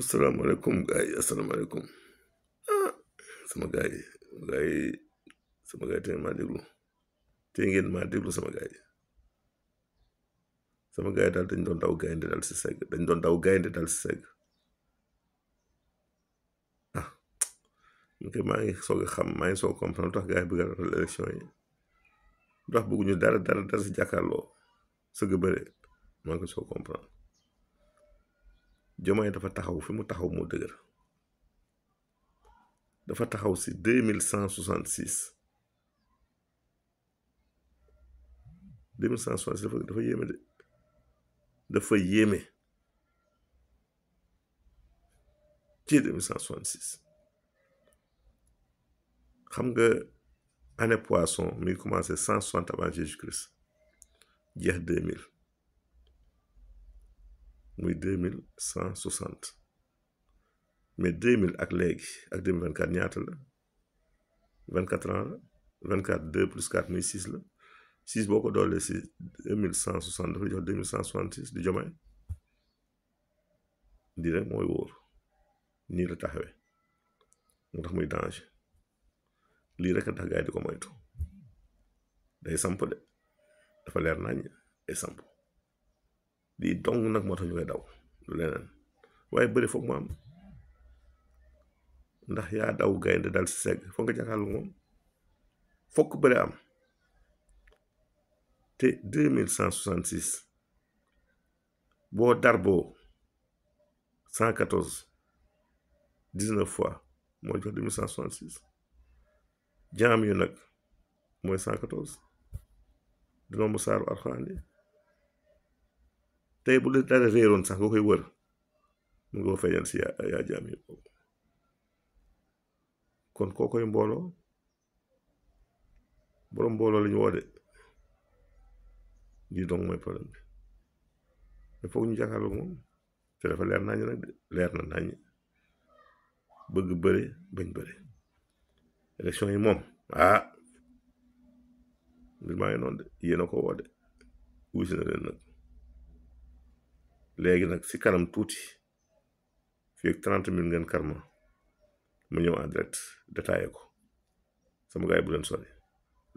asalaamaaleykum gars yi asalaamaaleykum ah sama gars yi gars yi sama gars yi tey maa déglu tey ngeen maa déglu sama gars sama gars daal dañ doon daw gaynde daal si segg dañ doon daw gaynde daal si segg ah ñu koy maa ngi soo a xam maa ngi soog a comprendre lu tax gars yi bëgg a rafetlu élection yi lu tax bëgguñu dara dara dara si jàkkaarloo sëgg bëre maa ngi ko soog Diomaye dafa taxaw fi mu taxaw moo dëgër dafa taxaw si deux mille cent soixante six deux mille cent soixante six dafa dafa yéeme de dafa yéeme ci deux mille cent soixante six xam nga année poisson mi ngi commencé cent soixante avant Jésus-Christ jeex deux mille muy deux mille cent soixante mais deux mille ak léegi ak deux mille vingt quatre ñaata la vingt quatre ans la vingt quatre deux plus quatre muy six la six boo ko doolee si deux mille cent soixante dafa jox deux mille cent soixante six di jomay di muy danger lii rek a tax gaay di ko leer nañ day samp lii dong nag moo tax ñu koy daw lu leneen waaye bëri foog mu am ndax yaa daw gaynde dal si segg foo nga jàkkaarlu moom fokk bëri am te deux mille cent soixante six boo darboo cent quatorze dix neuf fois mooy jox deux mille cent soixante six jaam yu nag mooy cent quatorze di nombre saaru alxuraan tey bu la dara sax nga koy wër mun nga ko feeñal si yaa jaam yi kon koo koy mbooloo boroom mbooloo lañu woo de lii dong mooy problème bi il faut ñu jàkkaarloo moom te dafa leer nañu nag de leer na nañu bëgg bëre bañ bëre élection yi moom ah mbir maa ngi noonu de yéen a ko woo de wuy na leen nag léegi nag si kanam tuuti fii ak trente mille ngeen karma mu ñëw en direct détaillé ko sama gars yi bu leen sori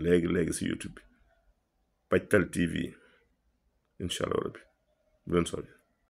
léegi léegi si YouTube bi Pajtal TV incha allah rabbi bu leen sori.